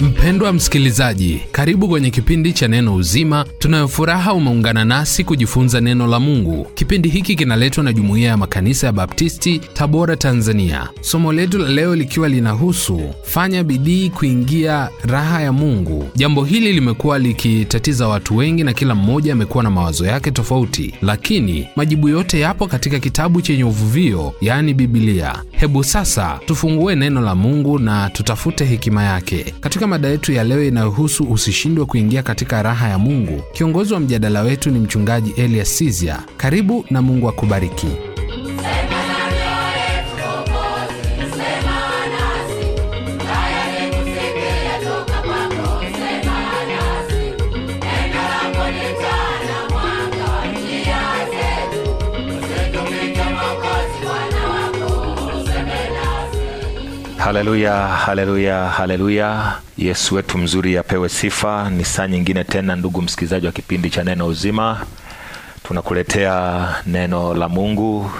Mpendwa msikilizaji, karibu kwenye kipindi cha Neno Uzima. Tunayofuraha umeungana nasi kujifunza neno la Mungu. Kipindi hiki kinaletwa na Jumuiya ya Makanisa ya Baptisti, Tabora, Tanzania. Somo letu la leo likiwa linahusu fanya bidii kuingia raha ya Mungu. Jambo hili limekuwa likitatiza watu wengi na kila mmoja amekuwa na mawazo yake tofauti, lakini majibu yote yapo katika kitabu chenye uvuvio, yani bibilia Hebu sasa tufungue neno la Mungu na tutafute hekima yake katika katika mada yetu ya leo inayohusu usishindwe kuingia katika raha ya Mungu, kiongozi wa mjadala wetu ni Mchungaji Elias Sizia. Karibu na Mungu akubariki. Haleluya, haleluya, haleluya! Yesu wetu mzuri apewe sifa. Ni saa nyingine tena, ndugu msikilizaji wa kipindi cha Neno Uzima, tunakuletea neno la Mungu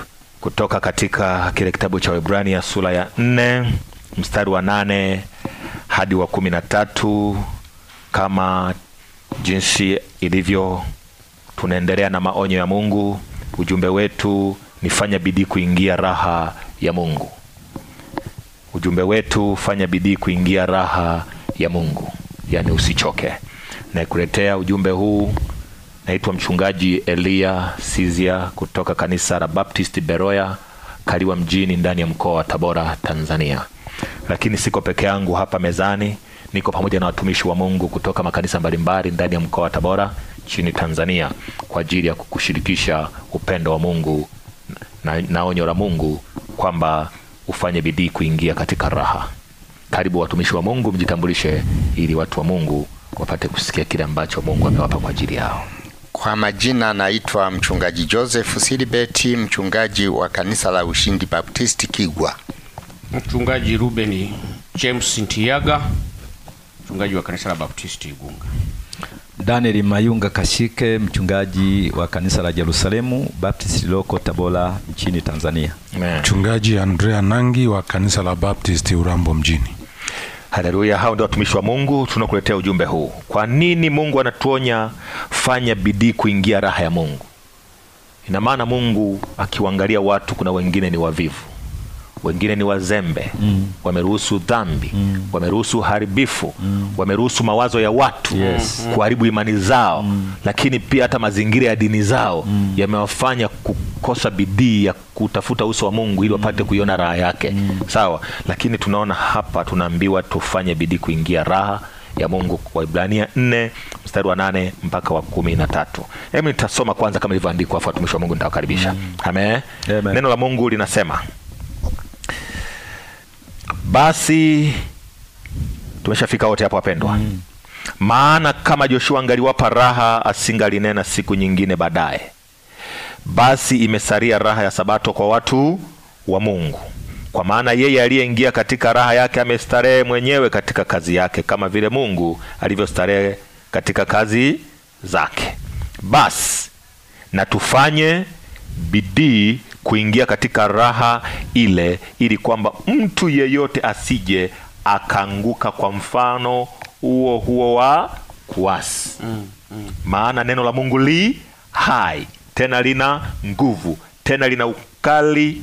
kutoka katika kile kitabu cha Waebrania sura ya nne mstari wa nane hadi wa kumi na tatu kama jinsi ilivyo. Tunaendelea na maonyo ya Mungu. Ujumbe wetu ni fanya bidii kuingia raha ya Mungu. Ujumbe wetu fanya bidii kuingia raha ya Mungu, yaani usichoke. Naikuletea ujumbe huu, naitwa mchungaji Elia Sizia kutoka kanisa la Baptist Beroya Kaliwa mjini ndani ya mkoa wa Tabora, Tanzania. Lakini siko peke yangu hapa mezani, niko pamoja na watumishi wa Mungu kutoka makanisa mbalimbali ndani ya mkoa wa Tabora chini Tanzania kwa ajili ya kukushirikisha upendo wa Mungu na, na onyo la Mungu kwamba ufanye bidii kuingia katika raha. Karibu watumishi wa Mungu, mjitambulishe ili watu wa Mungu wapate kusikia kile ambacho Mungu amewapa kwa ajili yao. Kwa majina naitwa mchungaji Joseph Silibeti, mchungaji wa kanisa la Ushindi Baptisti Kigwa. Mchungaji Ruben James Ntiyaga, mchungaji wa kanisa la Baptisti Igunga. Daniel Mayunga Kashike, mchungaji wa kanisa la Yerusalemu Baptist liloko Tabora nchini Tanzania. Amen. Mchungaji Andrea Nangi wa kanisa la Baptist Urambo mjini. Haleluya, hao ndio watumishi wa Mungu tunakuletea ujumbe huu. Kwa nini Mungu anatuonya fanya bidii kuingia raha ya Mungu? Ina maana Mungu akiwaangalia watu, kuna wengine ni wavivu wengine ni wazembe mm. wameruhusu dhambi mm. wameruhusu uharibifu mm. wameruhusu mawazo ya watu yes. kuharibu imani zao mm. lakini pia hata mazingira ya dini zao mm. yamewafanya kukosa bidii ya kutafuta uso wa Mungu ili mm. wapate kuiona raha yake mm. sawa. Lakini tunaona hapa tunaambiwa tufanye bidii kuingia raha ya Mungu kwa Ibrania nne mstari wa nane mpaka wa kumi na tatu. Hebu nitasoma kwanza kama ilivyoandikwa, afu watumishi wa Mungu nitawakaribisha. Mm. Amen. Amen. Neno la Mungu linasema basi tumeshafika wote hapo wapendwa, mm. Maana kama Joshua angaliwapa raha, asingalinena siku nyingine baadaye. Basi imesalia raha ya Sabato kwa watu wa Mungu, kwa maana yeye aliyeingia katika raha yake amestarehe mwenyewe katika kazi yake, kama vile Mungu alivyostarehe katika kazi zake. Basi na tufanye bidii kuingia katika raha ile, ili kwamba mtu yeyote asije akaanguka kwa mfano huo huo wa kuasi. mm, mm. Maana neno la Mungu li hai tena lina nguvu tena lina ukali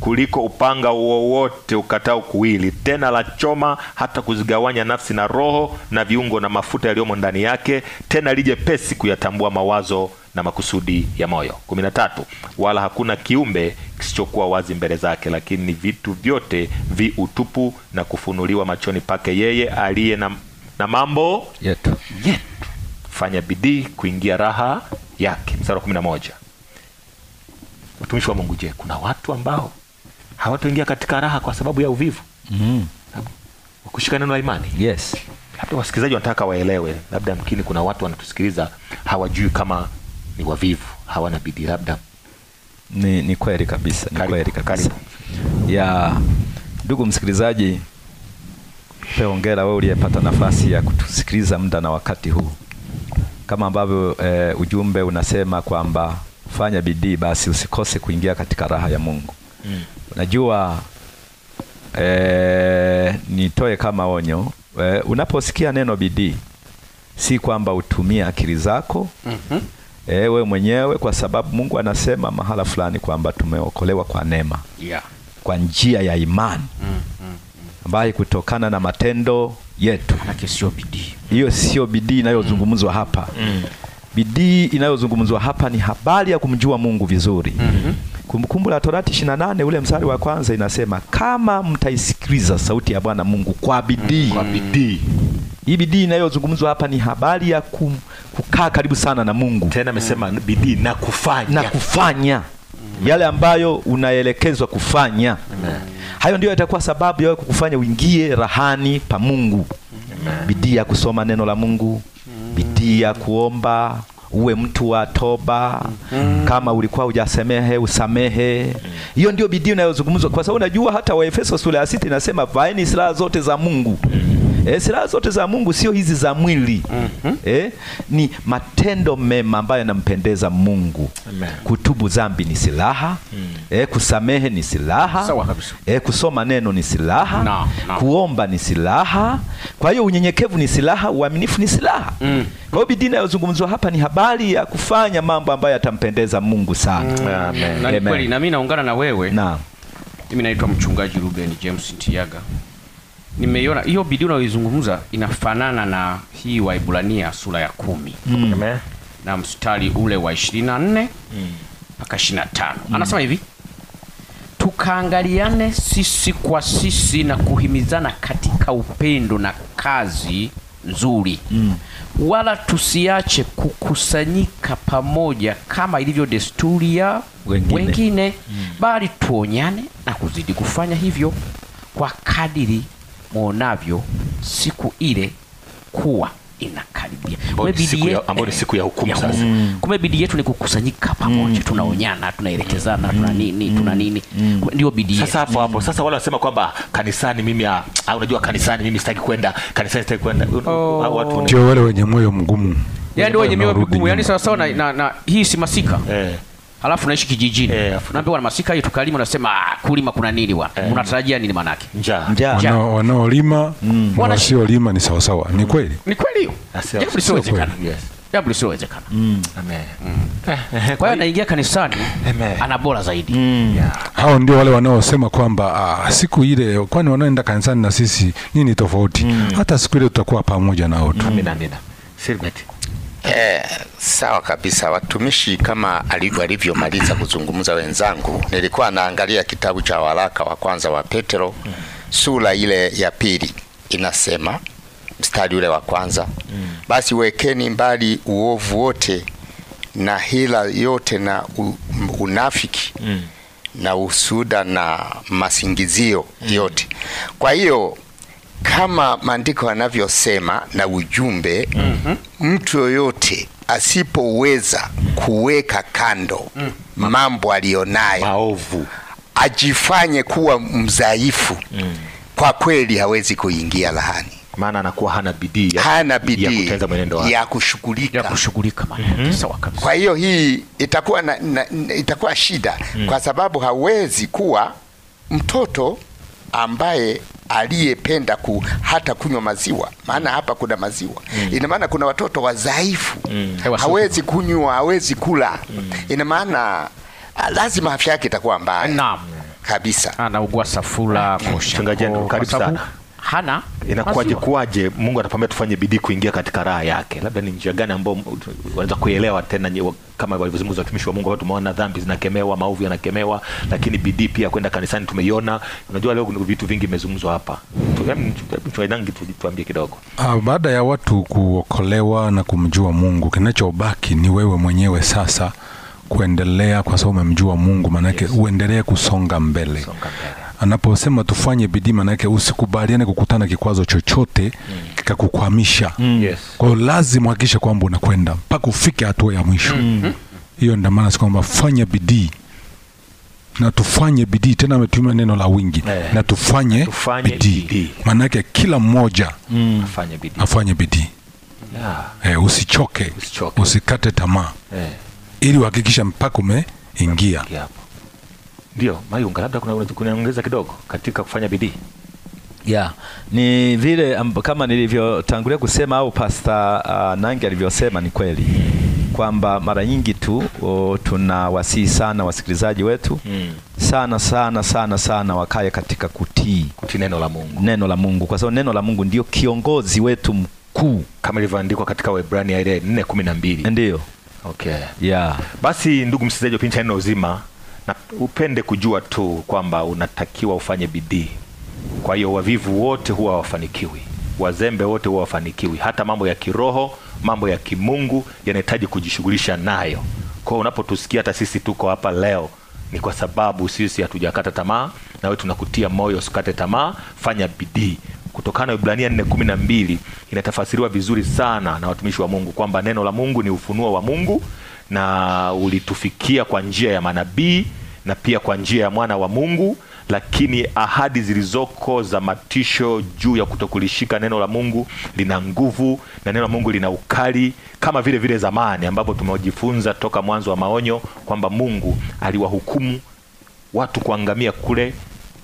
kuliko upanga wowote ukatao kuwili, tena la choma hata kuzigawanya nafsi na roho na viungo na mafuta yaliyomo ndani yake, tena lije pesi kuyatambua mawazo na makusudi ya moyo. kumi na tatu, wala hakuna kiumbe kisichokuwa wazi mbele zake, lakini ni vitu vyote vi utupu na kufunuliwa machoni pake yeye aliye na, na mambo yetu. yetu fanya bidii kuingia raha yake. Mstari wa kumi na moja. Watumishi wa Mungu, je, kuna watu ambao hawatoingia katika raha kwa sababu ya uvivu? mm -hmm. Kushika neno la imani. Yes. Labda wasikilizaji wanataka waelewe, labda mkini kuna watu wanatusikiliza hawajui kama ni wavivu, hawana bidii labda. Ni, ni kweli kabisa, ni kweli kabisa ya ndugu msikilizaji, pe ongera wewe uliyepata nafasi ya kutusikiliza muda na wakati huu, kama ambavyo e, ujumbe unasema kwamba fanya bidii basi usikose kuingia katika raha ya Mungu. Mm. Unajua e, nitoe kama onyo e, unaposikia neno bidii si kwamba utumie akili zako. Mm -hmm ewe mwenyewe, kwa sababu Mungu anasema mahala fulani kwamba tumeokolewa kwa neema yeah. kwa njia ya imani ambayo mm, mm, mm. kutokana na matendo yetu, hiyo sio bidii inayozungumzwa mm. hapa mm. Bidii inayozungumzwa hapa ni habari ya kumjua Mungu vizuri mm -hmm. Kumbukumbu la Torati 28 ule mstari wa kwanza inasema, kama mtaisikiliza sauti ya Bwana Mungu kwa bidii mm hii bidii inayozungumzwa hapa ni habari ya kum, kukaa karibu sana na Mungu. Tena amesema mm. bidii na kufanya, na kufanya mm. yale ambayo unaelekezwa kufanya Amen. Hayo ndio itakuwa sababu ya kukufanya uingie rahani pa Mungu. Bidii ya kusoma neno la Mungu, bidii ya kuomba uwe mtu wa toba. mm. Kama ulikuwa hujasemehe usamehe. Hiyo ndio bidii unayozungumzwa, kwa sababu unajua hata Waefeso sura ya sita inasema vaeni silaha zote za Mungu. Eh, silaha zote za Mungu sio hizi za mwili mm -hmm. Eh, ni matendo mema ambayo yanampendeza Mungu. Amen. Kutubu dhambi ni silaha mm. Eh, kusamehe ni silaha eh, kusoma neno ni silaha no, no. Kuomba ni silaha. Kwa hiyo unyenyekevu ni silaha, uaminifu ni silaha mm. Kwa hiyo bidii inayozungumzwa hapa ni habari ya kufanya mambo ambayo yatampendeza Mungu sana mm. Amen. Na kweli na mimi naungana na wewe. Naam. Mimi naitwa mchungaji Ruben James Ntiyaga nimeiona hiyo bidii unayoizungumza inafanana na hii Waibrania sura ya kumi mm. na mstari ule wa ishirini na nne hmm. mpaka ishirini na tano mm. anasema hivi tukaangaliane sisi kwa sisi na kuhimizana katika upendo na kazi nzuri mm. wala tusiache kukusanyika pamoja kama ilivyo desturi ya wengine, wengine. Mm. bali tuonyane na kuzidi kufanya hivyo kwa kadiri muonavyo siku ile kuwa inakaribia. Kumbe bidii yetu ambayo ni siku ya hukumu sasa. Kumbe mm. bidii yetu ni kukusanyika pamoja, mm. tunaonyana, tunaelekezana, mm. tuna mm. nini, mm. tuna nini. Mm. Ndio bidii. Sasa hapo hapo. Sasa wale wanasema kwamba kanisani mimi au unajua kanisani mimi sitaki kwenda, kanisani sitaki kwenda. Oh. Watu ndio wale wenye moyo mgumu. Yaani wenye moyo mgumu, yani sawa sawa na hii si masika. Eh alafu naishi kijijini eh, naambia wana masika hii tukalima, unasema ah, kulima kuna nini wa eh? Unatarajia nini maana yake? Njaa, njaa. Wanaolima mm. wana wasiolima ni sawa sawa, ni kweli, ni kweli hiyo, ah, jambo lisilowezekana, jambo mm. mm. Eh, eh, eh, kwa hiyo anaingia kanisani, ana bora zaidi. mm. yeah. Hao ndio wale wanaosema kwamba uh, siku ile, kwani wanaoenda kanisani na sisi nini tofauti? mm. hata siku ile tutakuwa pamoja nao tu. Amina, amina. Silbert Eh, sawa kabisa. Watumishi, kama walivyomaliza kuzungumza wenzangu, nilikuwa naangalia kitabu cha waraka wa kwanza wa Petro sura ile ya pili inasema mstari ule wa kwanza basi wekeni mbali uovu wote na hila yote na unafiki mm. na usuda na masingizio yote. Kwa hiyo kama maandiko yanavyosema na ujumbe mm -hmm. Mtu yoyote asipoweza kuweka kando mm. mambo aliyonayo maovu, ajifanye kuwa mzaifu mm. kwa kweli hawezi kuingia lahani, maana anakuwa hana bidii hana bidii ya kushughulika kushughulika. Mhm. Kwa hiyo hii itakuwa na, na, itakuwa shida mm. kwa sababu hawezi kuwa mtoto ambaye aliyependa ku hata kunywa maziwa, maana hapa kuna maziwa mm. Ina maana kuna watoto wadhaifu mm. hawezi kunywa, hawezi kula mm. Ina maana ah, lazima afya yake itakuwa mbaya. kabisa, anaugua safula, mm. mchungaji, hana inakuwaje? Kuwaje Mungu atapambia tufanye bidii kuingia katika raha yake? Labda ni njia gani ambao unaweza kuelewa tena, kama walivyozungumza watumishi wa Mungu ambao tumeona dhambi zinakemewa, maovu yanakemewa, lakini bidii pia kwenda kanisani tumeiona. Unajua leo kuna vitu vingi vimezungumzwa hapa, tu, tuambie kidogo. Ah, baada ya watu kuokolewa na kumjua Mungu, kinachobaki ni wewe mwenyewe sasa kuendelea, kwa sababu umemjua Mungu, maanake yes. uendelee kusonga mbele, songa mbele anaposema tufanye bidii, maana yake usikubaliane kukutana kikwazo chochote mm. kikakukwamisha mm, yes. Kwa hiyo lazima uhakikishe kwamba unakwenda mpaka ufike hatua ya mwisho mm-hmm. hiyo mm -hmm. Ndio maana si kwamba fanya bidii na tufanye bidii tena, ametumia neno la wingi eh, na tufanye, tufanye bidii, maana yake kila mmoja mm. afanye bidii, Yeah. Eh, usichoke, usichoke, usikate tamaa eh, ili uhakikisha mpaka umeingia ndio, Mayunga, labda kuna kuniongeza kidogo katika kufanya bidii. Yeah, ni vile kama nilivyotangulia kusema au Pasta uh, Nangi alivyosema ni kweli kwamba mara nyingi tu oh, tuna tunawasihi sana wasikilizaji wetu hmm, sana sana sana sana wakae katika kutii kutii neno la Mungu, neno la Mungu, kwa sababu neno la Mungu ndio kiongozi wetu mkuu kama ilivyoandikwa katika Waebrania ile 4:12. Ndio. Okay. Yeah. Basi ndugu msikilizaji, wa pincha neno uzima na upende kujua tu kwamba unatakiwa ufanye bidii. Kwa hiyo wavivu wote huwa hawafanikiwi, wazembe wote huwa hawafanikiwi. Hata mambo ya kiroho, mambo ya kimungu yanahitaji kujishughulisha nayo. Kwa hiyo unapotusikia hata sisi tuko hapa leo ni kwa sababu sisi hatujakata tamaa, na wewe tunakutia moyo usikate tamaa, fanya bidii. Kutokana na Ibrania 4:12 inatafasiriwa vizuri sana na watumishi wa Mungu kwamba neno la Mungu ni ufunuo wa Mungu na ulitufikia kwa njia ya manabii na pia kwa njia ya mwana wa Mungu, lakini ahadi zilizoko za matisho juu ya kutokulishika neno la Mungu lina nguvu na neno la Mungu lina ukali, kama vile vile zamani ambapo tumejifunza toka mwanzo wa maonyo kwamba Mungu aliwahukumu watu kuangamia kule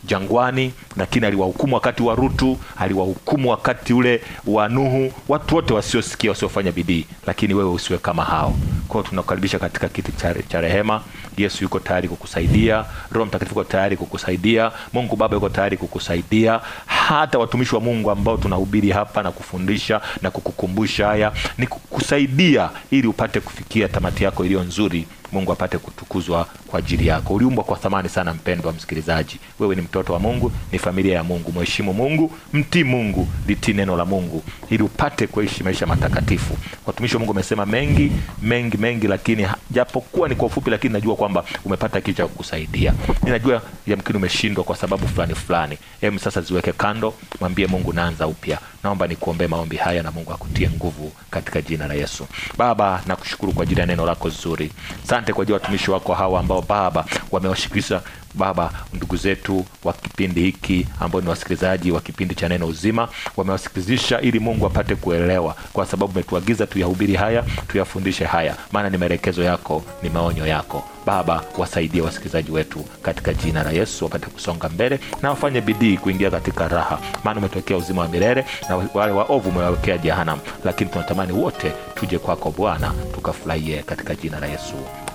jangwani, lakini aliwahukumu wakati wa Rutu, aliwahukumu wakati ule wa Nuhu, watu wote wasiosikia, wasiofanya bidii. Lakini wewe usiwe kama hao. Kwa hiyo tunakukaribisha katika kiti cha rehema. Yesu yuko tayari kukusaidia, Roho Mtakatifu yuko tayari kukusaidia, Mungu Baba yuko tayari kukusaidia. Hata watumishi wa Mungu ambao tunahubiri hapa na kufundisha na kukukumbusha haya, ni kukusaidia ili upate kufikia tamati yako iliyo nzuri Mungu apate kutukuzwa kwa ajili yako. Uliumbwa kwa thamani sana, mpendwa msikilizaji. Wewe ni mtoto wa Mungu, ni familia ya Mungu. Mheshimu Mungu, mtii Mungu, litii neno la Mungu ili upate kuishi maisha matakatifu. Watumishi wa Mungu wamesema mengi mengi mengi, lakini japokuwa ni kwa ufupi, lakini najua kwamba umepata kitu cha kukusaidia. Ninajua yamkini umeshindwa kwa sababu fulani fulani. Em, sasa ziweke kando, mwambie Mungu, naanza upya. Naomba nikuombee maombi haya na Mungu akutie nguvu katika jina la Yesu. Baba, nakushukuru kwa ajili ya neno lako zuri. Sa Asante kwa ajili ya watumishi wako hawa ambao Baba wamewashikilisha Baba ndugu zetu wa kipindi hiki ambao ni wasikilizaji wa kipindi cha Neno Uzima, wamewasikilizisha ili Mungu apate kuelewa, kwa sababu umetuagiza tuyahubiri haya, tuyafundishe haya, maana ni maelekezo yako, ni maonyo yako. Baba, wasaidie wasikilizaji wetu katika jina la Yesu, wapate kusonga mbele na wafanye bidii kuingia katika raha, maana umetokea uzima wa milele na wale waovu umewawekea jehanamu. Lakini tunatamani wote tuje kwako Bwana, tukafurahie katika jina la Yesu.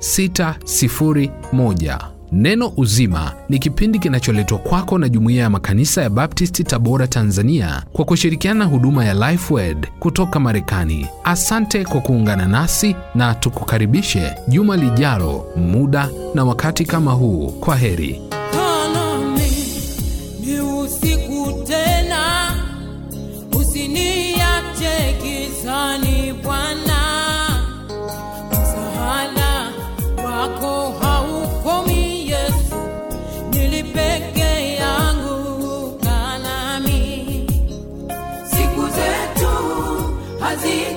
601. Neno Uzima ni kipindi kinacholetwa kwako na Jumuiya ya Makanisa ya Baptisti Tabora, Tanzania, kwa kushirikiana huduma ya Lifewed kutoka Marekani. Asante kwa kuungana nasi na tukukaribishe juma lijalo, muda na wakati kama huu. Kwa heri. Brasil.